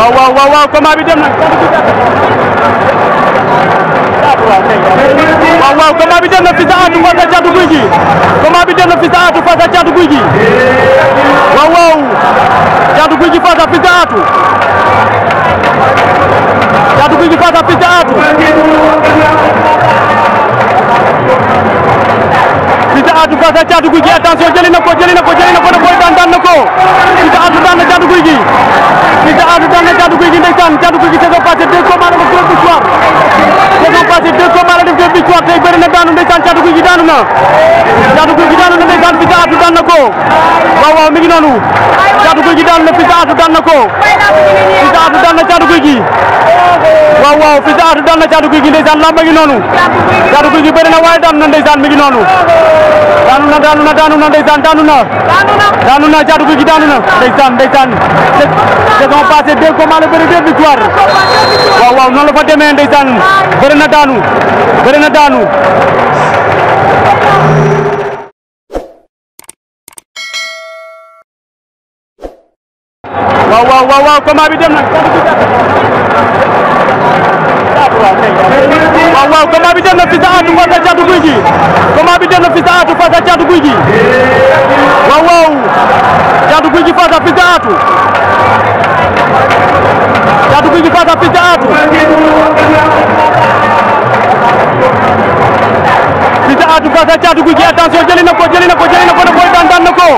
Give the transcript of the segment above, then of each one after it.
waaw waaw waaw waaw combat bi dem na pisada waaw combat bi dem na Fils Atou face à Thiatou Gouye Gui dem na Fils Atou face à Thiatou Gouye Gui waaw waaw Thiatou Gouye Gui face à Fils Atou Thiatou Gouye Gui face à faz a Fils Atou face à Thiatou Gouye Gui na ko jëli na ko na victoire tey bëri na daanu ndeysaan caatu guy gi daanu na caatu guy gi daanu na ndeysaan Fils Atou daan na ko waaw waaw mi ngi noonu caatu guy gi daanu na Fils Atou daan na ko Fils Atou daan na caatu guy gi waaw waaw Fils Atou na caatu guy gi ndeysaan lamb mi ngi noonu caatu guy gi bëri na waaye daan na ndeysaan mi ngi noonu daanu na daanu na daanu na ndeysaan daanu na. daanu na Thiatou Gouy Gui daanu na ndeysaan ndeysaan saison passée deux combats la bëri deux victoire waaw waaw noonu la fa demee ndeysaan bëri na daanu bëri na daanu. waaw waaw waaw waaw combat bi dem na. waaw waaw combat bi dem na fii sa ànd ngoon na Thiatou Gouy Gui. Caatu Guy gi waaw waaw Caatu faz gi face à Fils de Atou Caatu Guy gi face à Fils de Atou Fils de Atou face à Caatu Guy gi attention jëli na ko jëli na ko jëli na ko da koy daan daan na ko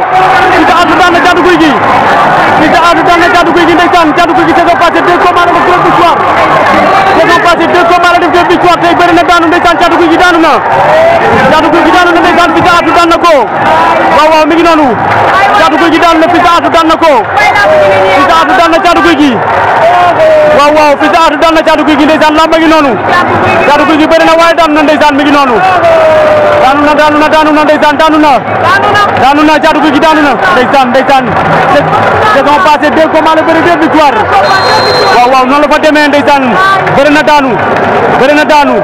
Fils de Atou daan na Caatu Guy gi Fils de Atou daan na Caatu Guy gi ndeysaan Caatu Guy gi saison passée deux combats la def deux victoire saison passée deux combats la def deux victoire daan Fils de Atou daan na ko waaw waaw mi ngi noonu Caatu Guy gi daan na Fils de Atou daan na ko Fils de Atou daan na Caatu Guy gi waaw waaw Fils de Atou daan na Caatu Guy gi ndeysaan lamba ngi noonu Caatu Guy gi bëri na waaye daan na ndeysaan mi ngi noonu daanu na daanu na daanu na ndeysaan daanu na daanu na Caatu Guy gi daanu na ndeysaan ndeysaan saison passée deux combats la bëri deux victoire waaw waaw la fa demee ndeysaan bëri na daanu bëri na daanu